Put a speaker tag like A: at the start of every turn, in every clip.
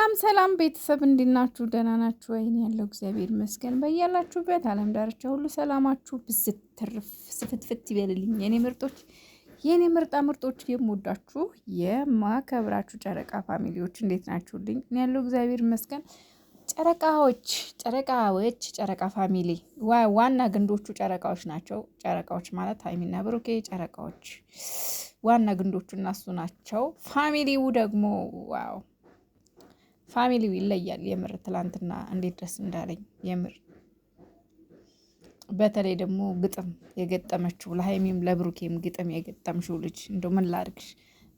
A: ሰላም ሰላም ቤተሰብ እንዲናችሁ ደህና ናችሁ ወይ? ያለው እግዚአብሔር ይመስገን። በያላችሁበት አለም ዳርቻ ሁሉ ሰላማችሁ ብዝት ስፍትፍት ይበልልኝ የኔ ምርጦች፣ የኔ ምርጣ ምርጦች፣ የምወዳችሁ የማከብራችሁ ጨረቃ ፋሚሊዎች እንዴት ናችሁልኝ? እኔ ያለው እግዚአብሔር ይመስገን። ጨረቃዎች ጨረቃዎች ጨረቃ ፋሚሊ ዋና ግንዶቹ ጨረቃዎች ናቸው። ጨረቃዎች ማለት ሀይሚና ብሩኬ ጨረቃዎች ዋና ግንዶቹ እናሱ ናቸው። ፋሚሊው ደግሞ ዋው ፋሚሊው ይለያል። የምር ትላንትና እንዴት ደስ እንዳለኝ የምር በተለይ ደግሞ ግጥም የገጠመችው ለሀይሚም ለብሩኬም ግጥም የገጠምሽው ልጅ እንደው ምን ላድርግሽ፣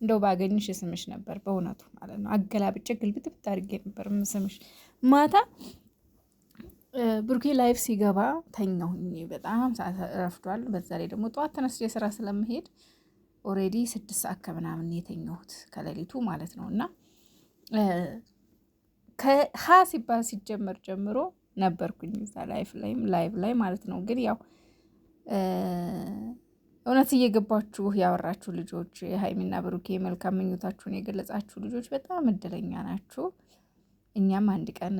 A: እንደው ባገኝሽ ስምሽ ነበር በእውነቱ ማለት ነው። አገላብጬ ግልብት ብታድርጌ ነበር ስምሽ። ማታ ብሩኬ ላይፍ ሲገባ ተኛሁኝ፣ በጣም ረፍዷል። በዛ ላይ ደግሞ ጠዋት ተነስቼ ስራ ስለመሄድ ኦሬዲ ስድስት ሰዓት ከምናምን የተኛሁት ከሌሊቱ ማለት ነው እና ከሀ ሲባል ሲጀመር ጀምሮ ነበርኩኝ እዛ ላይፍ ላይ ላይቭ ላይ ማለት ነው። ግን ያው እውነት እየገባችሁ ያወራችሁ ልጆች የሀይሚና ብሩኬ መልካም ምኞታችሁን የገለጻችሁ ልጆች በጣም እድለኛ ናችሁ። እኛም አንድ ቀን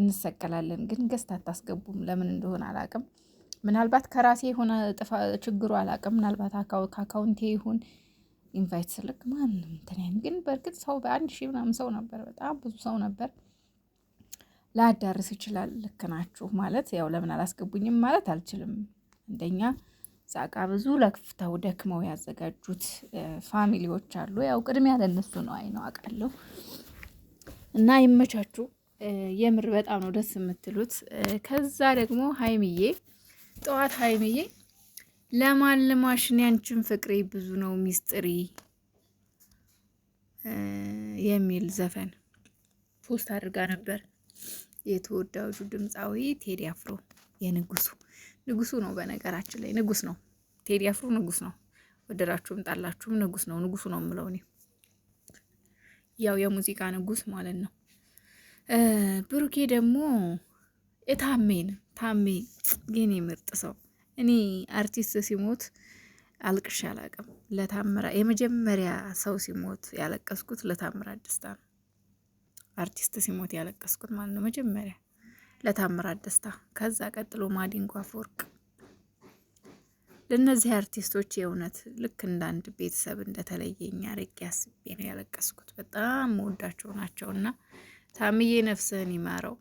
A: እንሰቀላለን። ግን ገስት አታስገቡም። ለምን እንደሆነ አላቅም። ምናልባት ከራሴ የሆነ ጥፋ ችግሩ አላቅም። ምናልባት ከአካውንቴ ይሁን ኢንቫይት ስልክ ማንም እንትን ግን በእርግጥ ሰው በአንድ ሺህ ምናምን ሰው ነበር፣ በጣም ብዙ ሰው ነበር። ላዳርስ ይችላል። ልክ ናችሁ ማለት ያው ለምን አላስገቡኝም ማለት አልችልም። አንደኛ ዛቃ ብዙ ለክፍተው ደክመው ያዘጋጁት ፋሚሊዎች አሉ። ያው ቅድሚያ ለነሱ ነው። አይ ነው አውቃለሁ። እና ይመቻችሁ። የምር በጣም ነው ደስ የምትሉት። ከዛ ደግሞ ሀይምዬ ጠዋት ሀይምዬ ለማልማሽን ያንቺን ፍቅሬ ብዙ ነው ሚስጥሪ የሚል ዘፈን ፖስት አድርጋ ነበር። የተወዳጁ ድምፃዊ ቴዲ አፍሮ የንጉሱ ንጉሱ ነው። በነገራችን ላይ ንጉስ ነው ቴዲ አፍሮ ንጉስ ነው። ወደዳችሁም ጣላችሁም ንጉስ ነው። ንጉሱ ነው የምለው እኔ ያው የሙዚቃ ንጉስ ማለት ነው። ብሩኬ ደግሞ የታሜን ታሜ የኔ ምርጥ ሰው እኔ አርቲስት ሲሞት አልቅሽ አላቅም። ለታምራ የመጀመሪያ ሰው ሲሞት ያለቀስኩት ለታምራ ደስታ ነው። አርቲስት ሲሞት ያለቀስኩት ማለት ነው መጀመሪያ ለታምራ ደስታ፣ ከዛ ቀጥሎ ማዲንጎ አፈወርቅ። ለእነዚህ አርቲስቶች የእውነት ልክ እንደ አንድ ቤተሰብ እንደተለየኝ አርቄ አስቤ ነው ያለቀስኩት። በጣም መወዳቸው ናቸው እና ታምዬ ነፍስህን ይማረው።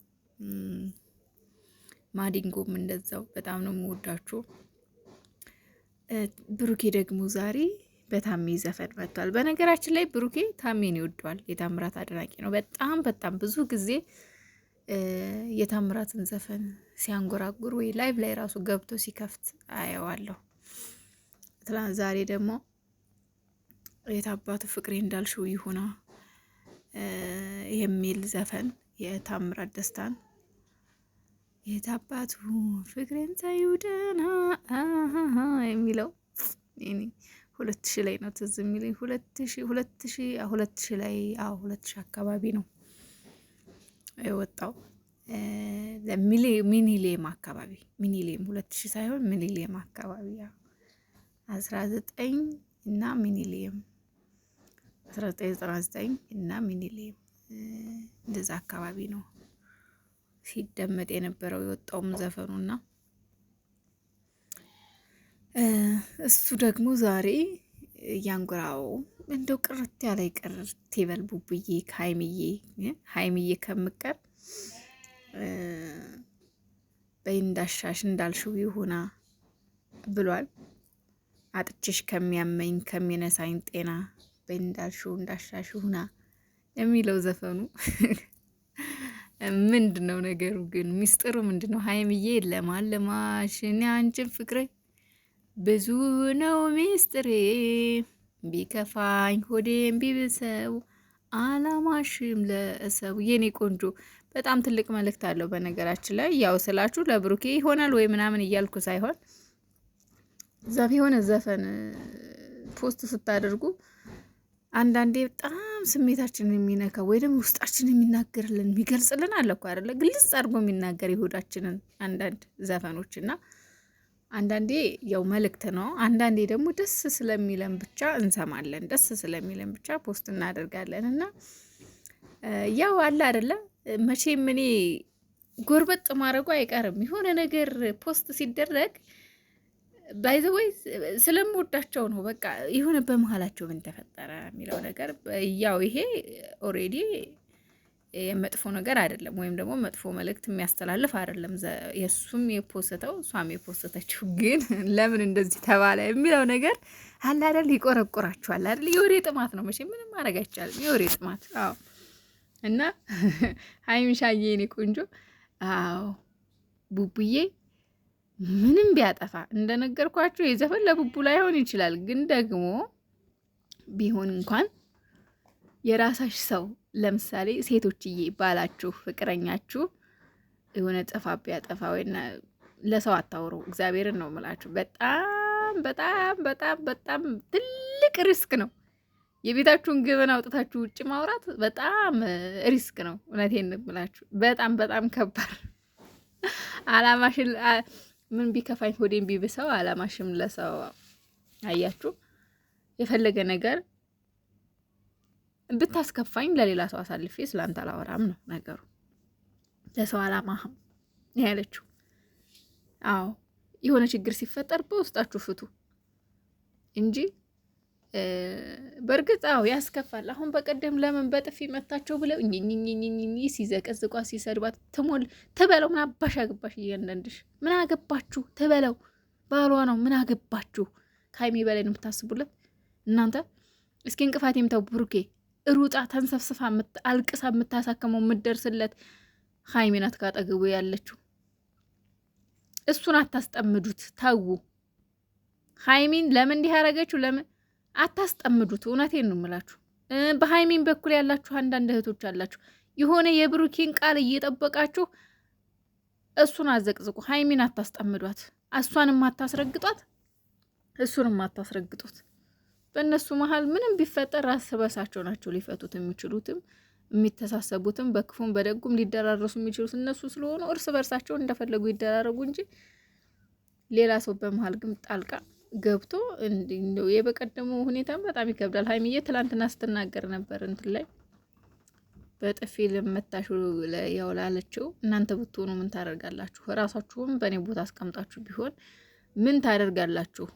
A: ማዲንጎም እንደዛው በጣም ነው የምወዳችሁ። ብሩኬ ደግሞ ዛሬ በታሜ ዘፈን መጥቷል። በነገራችን ላይ ብሩኬ ታሜን ይወደዋል። የታምራት አድናቂ ነው። በጣም በጣም ብዙ ጊዜ የታምራትን ዘፈን ሲያንጎራጉር ወይ ላይቭ ላይ ራሱ ገብቶ ሲከፍት አየዋለሁ። ትናንት ዛሬ ደግሞ የታባቱ ፍቅሬ እንዳልሽው ይሁና የሚል ዘፈን የታምራት ደስታን የታባቱ ፍቅሬን ተዩደና የሚለው ሁለት ሺ ላይ ነው ትዝ የሚለኝ ሁለት ሺ ሁለት ሺ ሁለት ሺ ላይ ሁለት ሺ አካባቢ ነው የወጣው ሚኒሌም አካባቢ ሚኒሌም ሁለት ሺ ሳይሆን ሚኒሌም አካባቢ አስራ ዘጠኝ እና ሚኒሌም አስራ ዘጠኝ ዘጠና ዘጠኝ እና ሚኒሌም እንደዛ አካባቢ ነው ሲደመጥ የነበረው የወጣውም ዘፈኑና እሱ ደግሞ ዛሬ ያንጉራው እንደው ቅርት ያለ ቅርት ቴበል ቡቡዬ ከሀይምዬ ሀይምዬ ከምቀር በይ እንዳሻሽ እንዳልሽው ይሁና ብሏል። አጥችሽ ከሚያመኝ ከሚነሳኝ ጤና እንዳልሽው እንዳሻሽ ይሁና የሚለው ዘፈኑ ምንድን ነው ነገሩ? ግን ሚስጥሩ ምንድን ነው? ሀይምዬ ለማን ለማሽ እኔ አንቺን ፍቅሬ ብዙ ነው ሚስጥሬ፣ ቢከፋኝ ሆዴም ቢብሰው አላማሽም ለእሰቡ። የኔ ቆንጆ በጣም ትልቅ መልእክት አለው። በነገራችን ላይ ያው ስላችሁ ለብሩኬ ይሆናል ወይ ምናምን እያልኩ ሳይሆን ዛፍ የሆነ ዘፈን ፖስት ስታደርጉ አንዳንዴ በጣም በጣም ስሜታችንን የሚነካ ወይ ደግሞ ውስጣችን የሚናገርልን የሚገልጽልን አለ እኮ አይደለ? ግልጽ አድርጎ የሚናገር የሆዳችንን አንዳንድ ዘፈኖች እና አንዳንዴ ያው መልእክት ነው። አንዳንዴ ደግሞ ደስ ስለሚለን ብቻ እንሰማለን፣ ደስ ስለሚለን ብቻ ፖስት እናደርጋለን። እና ያው አለ አይደለ? መቼም እኔ ጎርበጥ ማድረጉ አይቀርም የሆነ ነገር ፖስት ሲደረግ ባይዘወይ ስለምወዳቸው ነው። በቃ የሆነ በመሀላቸው ምን ተፈጠረ የሚለው ነገር ያው ይሄ ኦሬዲ የመጥፎ ነገር አይደለም፣ ወይም ደግሞ መጥፎ መልእክት የሚያስተላልፍ አይደለም። የእሱም የፖሰተው እሷም የፖሰተችው ግን ለምን እንደዚህ ተባለ የሚለው ነገር አለ አይደል? ይቆረቆራችኋል አይደል? የወሬ ጥማት ነው መቼ ምንም ማድረግ አይቻልም። የወሬ ጥማት። አዎ። እና ሀይምሻዬ፣ የኔ ቆንጆ፣ አዎ ቡቡዬ ምንም ቢያጠፋ እንደነገርኳችሁ የዘፈን ለቡቡ ላይሆን ይችላል፣ ግን ደግሞ ቢሆን እንኳን የራሳሽ ሰው ለምሳሌ ሴቶችዬ ባላችሁ ፍቅረኛችሁ የሆነ ጥፋ ቢያጠፋ ወይና ለሰው አታውሩ። እግዚአብሔርን ነው የምላችሁ። በጣም በጣም በጣም በጣም ትልቅ ሪስክ ነው። የቤታችሁን ግብን አውጥታችሁ ውጭ ማውራት በጣም ሪስክ ነው። እውነቴን የምላችሁ በጣም በጣም ከባድ አላማሽን ምን ቢከፋኝ ሆዴን ቢብሰው አላማሽም ለሰው አያችሁ። የፈለገ ነገር ብታስከፋኝ ለሌላ ሰው አሳልፌ ስላንተ አላወራም ነው ነገሩ። ለሰው አላማህም ያለችው። አዎ የሆነ ችግር ሲፈጠር በውስጣችሁ ፍቱ እንጂ በእርግጥ አዎ ያስከፋል። አሁን በቀደም ለምን በጥፊ መታቸው ብለው እኝኝኝኝኝ ሲዘቀዝቋ ሲሰድባት ትሞል ትበለው ምን አባሽ አገባሽ፣ እያንዳንድሽ ምን አገባችሁ ትበለው ባሏ ነው ምን አገባችሁ። ከሀይሜ በላይ ነው የምታስቡለት እናንተ። እስኪ እንቅፋት የምታው ብሩኬ ሩጣ ተንሰፍስፋ አልቅሳ የምታሳከመው የምደርስለት ሀይሚ ናት ካጠገቡ ያለችው። እሱን አታስጠምዱት ተዉ። ሀይሚን ለምን እንዲህ ያረገችው ለምን አታስጠምዱት። እውነቴን ነው የምላችሁ። በሀይሚን በኩል ያላችሁ አንዳንድ እህቶች አላችሁ፣ የሆነ የብሩኪን ቃል እየጠበቃችሁ እሱን አዘቅዝቁ። ሀይሚን አታስጠምዷት፣ እሷንም አታስረግጧት፣ እሱንም አታስረግጡት። በእነሱ መሀል ምንም ቢፈጠር ራስ በሳቸው ናቸው ሊፈቱት የሚችሉትም የሚተሳሰቡትም በክፉም በደጉም ሊደራረሱ የሚችሉት እነሱ ስለሆኑ እርስ በርሳቸው እንደፈለጉ ይደራረጉ እንጂ ሌላ ሰው በመሀል ግን ጣልቃ ገብቶ የበቀደሙ ሁኔታም በጣም ይከብዳል። ሀይሚዬ ትላንትና ስትናገር ነበር እንትን ላይ በጥፊ ለመታሹ ያው ላለችው እናንተ ብትሆኑ ምን ታደርጋላችሁ? እራሳችሁም በእኔ ቦታ አስቀምጣችሁ ቢሆን ምን ታደርጋላችሁ?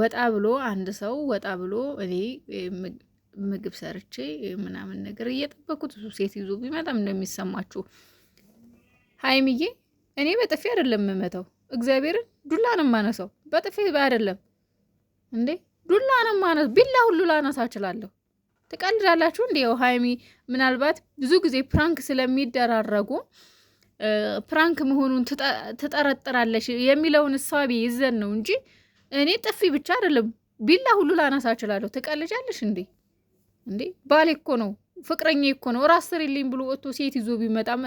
A: ወጣ ብሎ አንድ ሰው ወጣ ብሎ እኔ ምግብ ሰርቼ ምናምን ነገር እየጠበኩት እሱ ሴት ይዞ ቢመጣም እንደሚሰማችሁ ሀይሚዬ እኔ በጥፊ አይደለም የምመታው እግዚአብሔርን ዱላ ነው የማነሳው፣ በጥፌ አይደለም እንዴ ዱላ ነው ቢላ ሁሉ ላነሳ እችላለሁ። ትቀልዳላችሁ እንዴ? ሀይሚ ምናልባት ብዙ ጊዜ ፕራንክ ስለሚደራረጉ ፕራንክ መሆኑን ትጠረጥራለች የሚለውን እሳቤ ይዘን ነው እንጂ እኔ ጥፊ ብቻ አይደለም ቢላ ሁሉ ላነሳ እችላለሁ። ትቀልጃለሽ እንዴ? እንዴ ባሌ እኮ ነው ፍቅረኛ እኮ ነው ራስ ስሪልኝ ብሎ ወጥቶ ሴት ይዞ ቢመጣም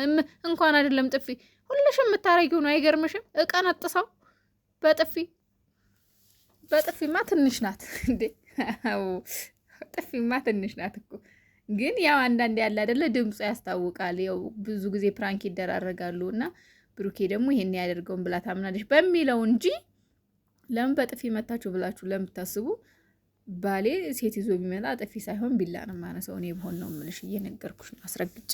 A: እንኳን አይደለም ጥፊ ሁልሽም የምታረጊው ነው። አይገርምሽም? እቃን እቀነጥሰው በጥፊ በጥፊማ ትንሽ ናት እንዴ! ጥፊማ ትንሽ ናት እኮ ግን ያው አንዳንድ ያለ አይደለ ድምፁ ያስታውቃል። ያው ብዙ ጊዜ ፕራንክ ይደራረጋሉ እና ብሩኬ ደግሞ ይሄን ያደርገውን ብላ ታምናለች በሚለው እንጂ ለምን በጥፊ መታችሁ ብላችሁ ለምታስቡ ባሌ ሴት ይዞ ቢመጣ ጥፊ ሳይሆን ቢላ ነው ማነሰው። እኔ በሆን ነው የምልሽ፣ እየነገርኩሽ ነው አስረግጬ